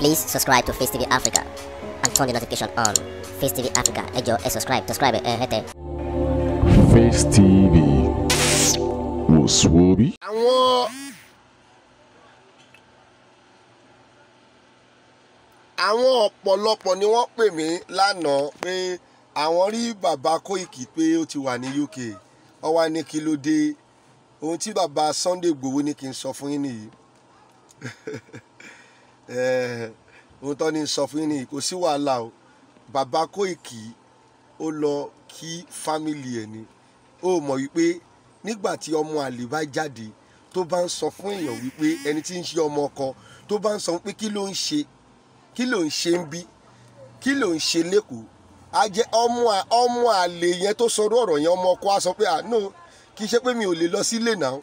Please subscribe to Face TV Africa and turn the notification on. Face TV Africa, ẹ jọ̀ọ́, ẹ subscribe, subscribe, ẹ hẹ́tẹ̀. Face TV wò I want. àwọn ọ̀pọ̀lọpọ̀ ni wọ́n pè mí lánàá pé àwọn rí bàbá Kóìkì pé ó ti wà ní UK ó wá ní kí ló dé ohun tí bàbá Sunday Igboho ní kí n sọ fún yín nìyí ohun tó ní sọ fún yín nìyí kò sí wàhálà o bàbá Kóìkì ó lọ kí fámìlì ẹ̀ ni ó mọ̀ wípé nígbà tí ọmọ àlè bá jáde tó bá ń sọ fún èèyàn wípé ẹni tí ń ṣe ọmọ ọkọ tó bá ń sọ pé kí ló ń ṣe kí ló ń ṣe ń bí kí ló ń ṣe lẹ́kọ̀ọ́ a jẹ ọmọ ọmọ àlè yẹn tó sọ ọ̀rọ̀ yẹn ọmọ ọkọ á sọ pé ah no kì í ṣe pé mi ò lè lọ sílé náà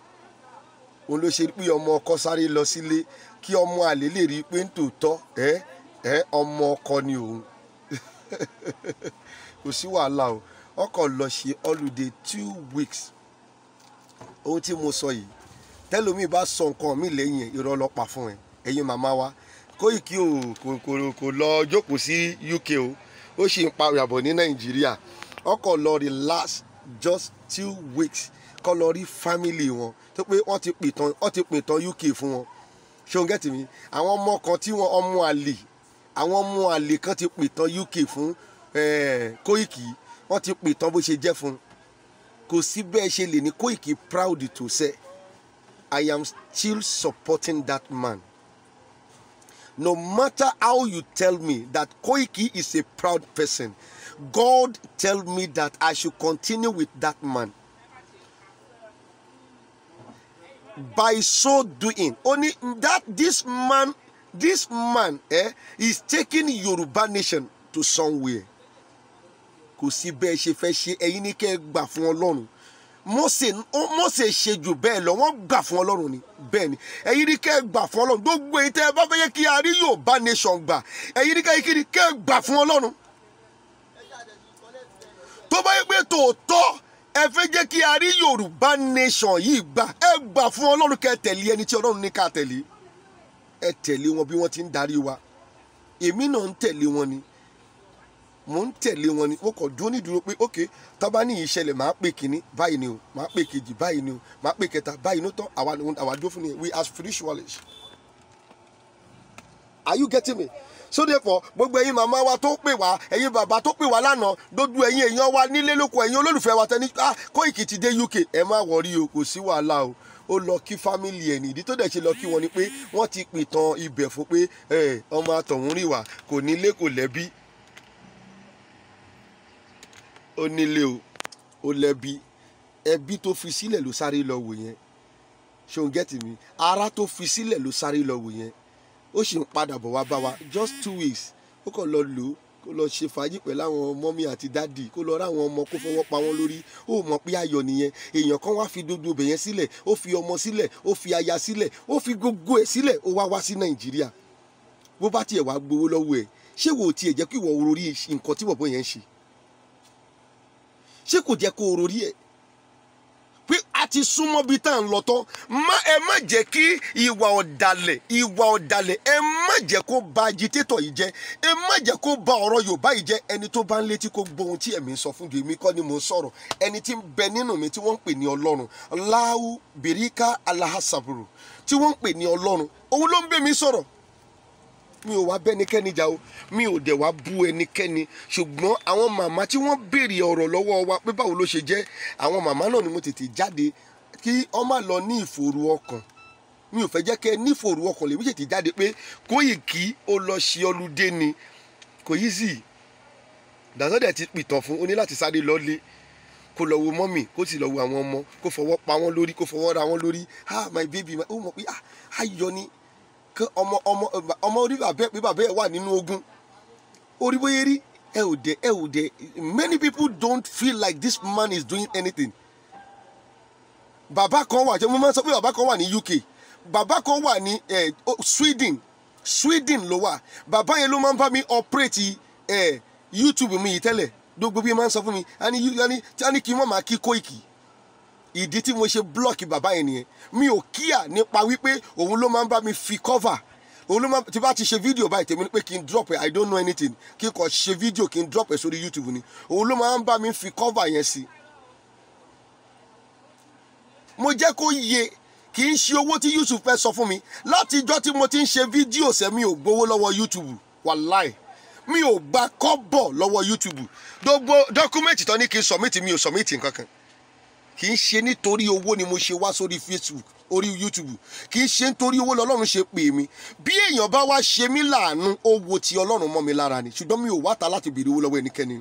òun ló ṣe pé ọmọ ọkọ sáré lọ sílé kí ọmọ àlè lè rí pé ń tòótọ́ ẹ ẹ ọmọ ọkọ ni òun kò sí wàhálà o ọkọ lọ ṣe holiday two weeks ohun tí mo sọ yìí tẹlómìn bá sọ nǹkan mi lẹ́yìn irọ́ ọlọ́pàá fún ẹ ẹ̀yin màmá wa Kóìkí o kò kò kò lọ jókòó sí UK o ó ṣì ń parọ́ àbọ̀ ní Nàìjíríà ọkọ lọ relax just two weeks kọ́ lọ rí family wọn tó pé wọ́n ti pìtàn wọ́n ti pìtàn UK fún wọn ṣóun gẹ́tì mi àwọn ọmọ kan tí wọ́n ọmọ àlè àwọn ọmọ àlè kan ti pìtàn UK fún Kóìkì wọ́n ti pìtàn bó ṣe jẹ́ fún kò sí bẹ́ẹ̀ ṣe lè ní Kóìkì proud to say I am still supporting that man no matter how you tell me that Koiki is a proud person, God tell me that I should continue with that man. by so doing only that this man this man eh, is taking Yorùbá nation to somewhere kò sí bẹ́ẹ̀ ṣe fẹ́ ṣe ẹ̀yin ní kẹ́ ẹ gbà fún Ọlọ́run Mósè Mósè ṣe jù bẹ́ẹ̀ lọ wọ́n gbà fún Ọlọ́run ni bẹ́ẹ̀ ni ẹ̀yin ní kẹ́ ẹ gbà fún Ọlọ́run gbogbo èyí tẹ́ ẹ bá fẹ́ yẹ kí a rí Yorùbá nation gbà ẹ̀yin ní kẹ́ ẹ gbà fún Ọlọ́run tó bá yẹ pé tòótọ́ ẹ fẹ́ jẹ́ kí a rí yorùbá nation yìí gbà ẹ gbà fún ọlọ́run kẹ́ tẹ̀lé ẹni tí ọlọ́run ní ká tẹ̀lé ẹ tẹ̀lé wọn bí wọ́n ti ń darí wa èmi náà ń tẹ̀lé wọn ni mò ń tẹ̀lé wọn ni mo kàn dúró nídúró pé ok tọ́ba ní ìṣẹ̀lẹ̀ máa pè kínní báyìí ni o máa pè kejì báyìí ni o máa pè kẹta báyìí ni o tán àwa dúró fún ni we are spiritualists are you getting me so therefore gbogbo ẹ̀yin màmá wa tó pè wá ẹ̀yin bàbá tó pè wá lánàá dojú ẹ̀yin èèyàn wa nílé lóko ẹ̀yin olólùfẹ́ wa tẹni ah Koiki ti dé UK ẹ má wọrí o kò sí wàhálà o ó lọ kí fámìlì ẹ̀ nìdí tó dẹ̀ ṣe lọ kí wọn ni pé wọ́n ti pìtàn ibẹ̀ fún pé ọmọ àtọ̀hún rìwà kò nílé kò lẹ́bí ó nílé o ó lẹ́bí ẹbí tó fi sílẹ̀ ló sáré lọ wò yẹn ṣòun gẹ́tì mi ara tó fi sílẹ̀ ló sáré lọ wò yẹn ó sì ń padà bọ̀ wá bá wa just two weeks ó kàn lọ lò ó kó lọ ṣe fàájì pẹ̀lú àwọn mọ́mí àti dáàdì kó lọ ráwọn ọmọ kó fọwọ́ pa wọ́n lórí ó mọ̀ pé ayọ̀ nìyẹn èèyàn kan wá fi dodo bẹ̀yẹn sílẹ̀ ó fi ọmọ sílẹ̀ ó fi aya sílẹ̀ ó fi gbogbo ẹ̀ sílẹ̀ ó wá wá sí nàìjíríà bó bá tiẹ̀ wá gbowó lọ́wọ́ ẹ̀ ṣé wò ó tiẹ̀ jẹ́ kí ìwọ orí nǹkan tí bọ̀bọ̀ yẹn ń ṣe ṣé kò jẹ́ kó orí ẹ̀ ti súnmọ́ bíi tá à ń lọ tán ẹ má jẹ́ kí ìwà ọ̀dàlẹ̀ ìwà ọ̀dàlẹ̀ ẹ má jẹ́ kó ba agitétọ̀ yìí jẹ́ ẹ má jẹ́ kó ba ọ̀rọ̀ Yorùbá yìí jẹ́ ẹni tó bá ń létí kó gbọ́ ohun tí ẹ̀mí sọ fún mi kọ́ ni mo sọ̀rọ̀ ẹni tí ń bẹ nínú mi tí wọ́n ń pè ní Ọlọ́run láwù bèríkà alahasaburu tí wọ́n ń pè ní Ọlọ́run òun ló ń bẹ mi sọ̀rọ̀ mi ò wá bẹ́nikẹ́ni jà o mi ò dẹ̀ wá bú ẹnikẹ́ni ṣùgbọ́n àwọn màmá tí wọ́n béèrè ọ̀rọ̀ lọ́wọ́ wa pé báwo ló ṣe jẹ́ àwọn màmá náà ni mo tètè jáde kí ọ má lọ ní ìfòòró ọkàn mi ò fẹ́ jẹ́ kẹ́ ní ìfòòró ọkàn lèmi tètè jáde pé Koiki ó lọ ṣe ọlùdé ni kò yí sí dàsọ́dẹ̀ ti pìtàn fún o ní láti sáré lọ́lé kó lọ wo mọ́mì kó sì lọ wo àwọn ọmọ kó fọwọ́ pa wọ́n lórí kó fọwọ́ ra wọ́n lórí ah my baby my ó mọ̀ pé ah ayọ̀ ni kan ọmọ ọmọ ọmọ orí bàbá ẹ pé bàbá ẹ wà nínú ogun orí bóyá rí ẹ ò dẹ ẹ ò dẹ many people don't feel like this man is doing anything bàbá kan wà jẹ́ mo máa ń sọ pé bàbá kan wà ní UK bàbá kan wà ní eh, oh, Sweden Sweden ló wà bàbá yẹn ló máa ń bá mi operate eh, YouTube mi yìí tẹ́lẹ̀ gbogbo bí ẹ máa ń sọ fún mi a ní kí n má máa kí Koiki ìdí tí mo ṣe blọọkì bàbá yẹn nìyẹn mi ò kíà nípa wípé òun ló máa ń bá mi fi cover òun ló máa ti bá ti ṣe fídíò báyìí tèmi pé kí n drop it i don't know anything kí n kò ṣe fídíò kí n drop it sórí youtube ni òun ló máa ń bá mi fi cover yẹn sí. mo jẹ́ kó yé kì í ṣe owó tí youtube fẹ́ sọ fún mi láti ijọ́ tí mo ti ń ṣe fídíò sẹ́mi ò gbowó lọ́wọ́ youtube wàláì mi ò gba kọ́bọ̀ lọ́wọ́ youtube gbogbo dọ́kúmẹ̀tì tó ní kí n submit mi ò submit nǹkan kan kì í ṣe nítorí owó ni mo ṣe wá sórí Facebook orí YouTube kì í ṣe nítorí owó lọ́lọ́run ṣe pè mí bí èèyàn bá wá ṣe mí láàánú ó ti ọlọ́run mọ́ mi lára ni ṣùgbọ́n mi ò wá ta láti béèrè owó lọ́wọ́ ẹnikẹ́ni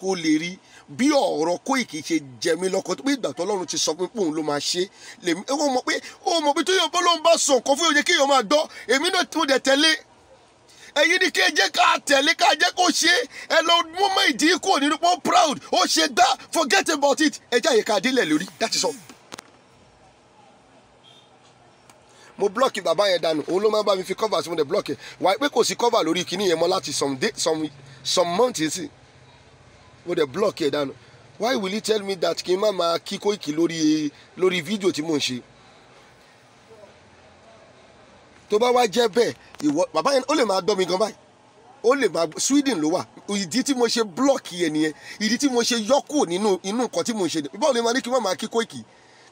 kó lè rí bí ọ̀rọ̀ Koiki ṣe jẹ mí lọ́kọ̀ tó pé ìgbà tó ọlọ́run ti sọ pé òun ló máa ṣe lèmi ó mọ̀ pé ó mọ̀ pé tó yẹ bọ́ ló ń bá sọ nǹkan fún yóò jẹ́ kí èèyàn máa gbọ́ èmi náà tó dẹ̀ tẹ́lẹ̀ ẹ̀yin ni kí ẹ jẹ́ ká tẹ̀lé ká jẹ́ kó ṣe ẹ lọ mọ́mọ́ ìdí kúrò nínú pọ́n proud ó ṣe gbá forget about it ẹ jẹ́ àyíká délẹ̀ lórí that is all. mo blọọkì bàbá yẹn dànù òun ló máa bá mi fi cover sí mo dẹ̀ blọọkì wà pé kò sí cover lórí kinní yẹn mọ́ láti some day some some months sí mo dẹ̀ blọọkì ẹ̀ dànù why will you tell me that kí n má máa kí kóìkì lórí lórí fídíò tí mò ń ṣe tó bá wá jẹ́ bẹ́ẹ̀ ìwọ bàbá yẹn ó lè máa gbọ́ mi gan báyìí ó lè máa Sweden ló wà ìdí tí mo ṣe blọọkì yẹn nìyẹn ìdí tí mo ṣe yọkù nínú inú nǹkan tí mo ṣe ní báwo ni mo ní kí n má máa kí Koiki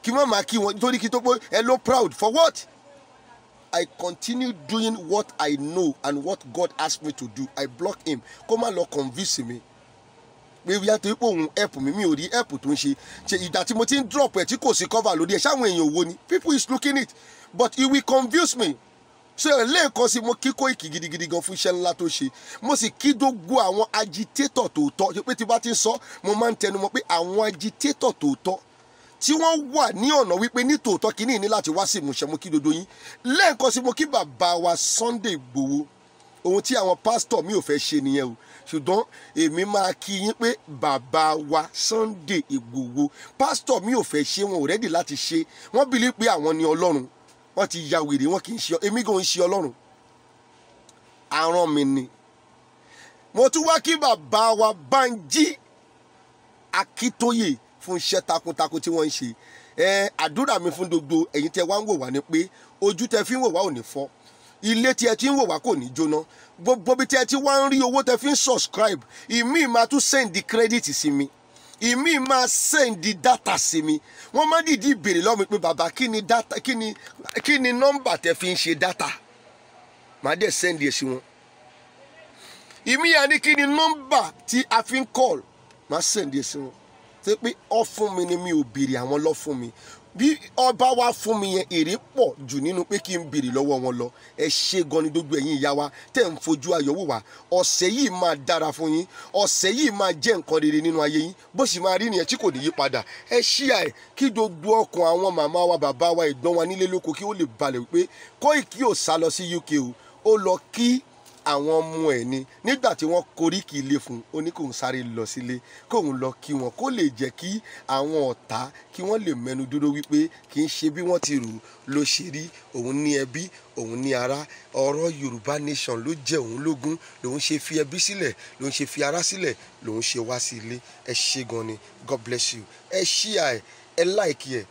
kí n má máa kí wọn torí kí n tó pé hello proud for what I continue doing what I know and what God asked me to do I block him kó má lọ convince me pé wíyá torí pé òun ẹ̀pù mi mi ò rí ẹ̀pù tó ń ṣe ṣe ìgbà tí mo ti ń drop ẹ̀ tí kò sí cover lórí ẹ̀ ṣáwọn èèyàn wo ni people is looking it but he will convince me so lẹ́ẹ̀kan sí mo kí Koiki gidigidi gan fún iṣẹ́ ńlá tó ṣe mo sì kí gbogbo àwọn agitator tòótọ́ pé tí bá ti ń sọ mo máa ń tẹnu mọ́ pé àwọn agitator tòótọ́ tí wọ́n wà ní ọ̀nà wípé ní tòótọ́ kí ní ní láti wá sí ìmúṣẹ mo kí dodo yín lẹ́ẹ̀kan sí mo kí bàbá wa Sunday Igboho ohun tí àwọn pásítọ̀ mi ò fẹ́ ṣe nìyẹn o ṣùgbọ́n èmi máa kí yín pé bàbá wa Sunday Igboho pásítọ̀ mi ò fẹ́ ṣe wọn ò rẹ́dì láti ṣe wọ́n bìlí pé àwọn ni Ọlọ́run wọ́n ti ya wèrè wọ́n kì í ṣe èmi gan ń ṣe ọlọ́run aràn mi ni mo tún wá kí bàbá wa Bánjí Akíntóyè fún iṣẹ́ takuntakun tí wọ́n ń ṣe ẹ àdúrà mi fún gbogbo ẹ̀yin tẹ wá ń wò wá ni pé ojú tẹ fi ń wò wá ò ní fọ́ ilé tí ẹ ti ń wò wá kò ní jóná gbogbo bí tẹ ti wá ń rí owó tẹ fi ń subscribe ìmí máa tún send credit sí mi ìmí máa sẹ́ǹdì dátà sí mi wọ́n má dìdí ìbèrè lọ́wọ́ mi pé bàbá kí ni dátà kí ni kí ni nọ́mbà tẹ fi ń ṣe dátà màá dẹ̀ sẹ́ǹdì ẹ̀ sí wọn ìmí yà ni kí ni nọ́mbà tí a fi ń kọ́ọ̀lù màá sẹ́ǹdì ẹ̀ sí wọn ṣé pé ọ fún mi ni mi ò bèrè àwọn lọ fún mi bí ọba wa fún mi yẹn èrè pọ̀ jù nínú pé kí n béèrè lọ́wọ́ wọn lọ ẹ ṣe gan ni gbogbo ẹ̀yin ìyá wa tẹ̀ ń fojú ayọ̀ wò wá ọ̀sẹ̀ yìí máa dára fún yín ọ̀sẹ̀ yìí máa jẹ́ nǹkan rere nínú ayé yín bó sì máa rí nìyẹn tí kò ní yí padà ẹ ṣí àì kí gbogbo ọkàn àwọn màmá wa bàbá wa ẹ̀gbọ́n wa nílé lóko kí ó lè balẹ̀ wípé Koiki ò sá lọ sí UK o ó lọ kí àwọn ọmọ ẹ̀ ni nígbà tí wọ́n koríki ilé fún un ó ní kóun sáré lọ sílé kóun lọ kí wọn kó lè jẹ́ kí àwọn ọ̀tá kí wọ́n lè mẹ́nu dúró wípé kì í ṣe bí wọ́n ti rò ló ṣe rí òun ní ẹbí òun ní ará ọ̀rọ̀ Yorùbá nation ló jẹ́ òun lógún lòun ṣe fi ẹbí sílẹ̀ lòun ṣe fi ará sílẹ̀ lòun ṣe wá sí ilé ẹ ṣe gan ni God bless you ẹ ṣíà ẹ ẹ láìkí ẹ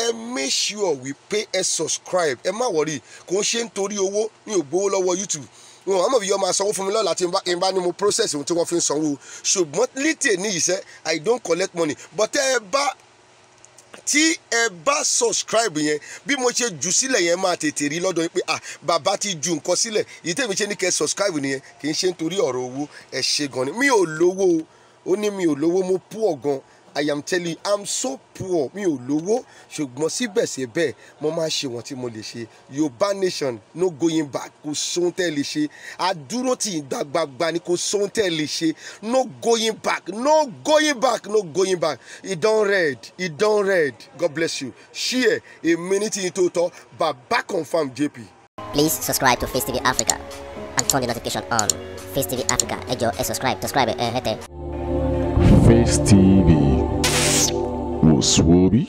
ẹ make sure we pay. ẹ subscribe ẹ má wọrí kò ń ṣe nítorí owó ní ògbówó lọ́wọ́ YouTube wọn àmọ́ ìyọ́ máa sanwó fún mi lọ́la tí n bá ní mo process ohun tí wọ́n fi ń sanwó ṣùgbọ́n lítè ní ìṣẹ́ i don't collect money but ẹ bá tí ẹ bá subscribe yẹn bí mo ṣe jù sílẹ̀ yẹn máa tètè rí lọ́dọ̀ yín pé ah bàbá ti ju nǹkan sílẹ̀ èyí tèmi ṣe ní kẹ́ subscribe nìyẹn kì í ṣe nítorí ọ̀rọ̀ owó ẹ ṣe gan ni mi ò lówó o ó ní mi ò lówó mo pú ọ̀gan I am telling you I'm so poor mi ò lówó ṣùgbọ́n síbẹ̀síbẹ̀ mo máa ṣe wọ́n tí mo lè ṣe Yorùbá nation no going back kò sóhun tẹ́ lè ṣe àdúró tì í gbàgbàgbà ni kò sóhun tẹ́ lè ṣe no going back no going back no going back ìdán red ìdán red God bless you share a minute in total. But back bàbá confam JP. Please subscribe to Face TV Africa and turn the notification on. Face TV Africa. Ẹ ẹ subscribe, subscribe, ẹ hẹ́tẹ̀. Face TV. was Swoby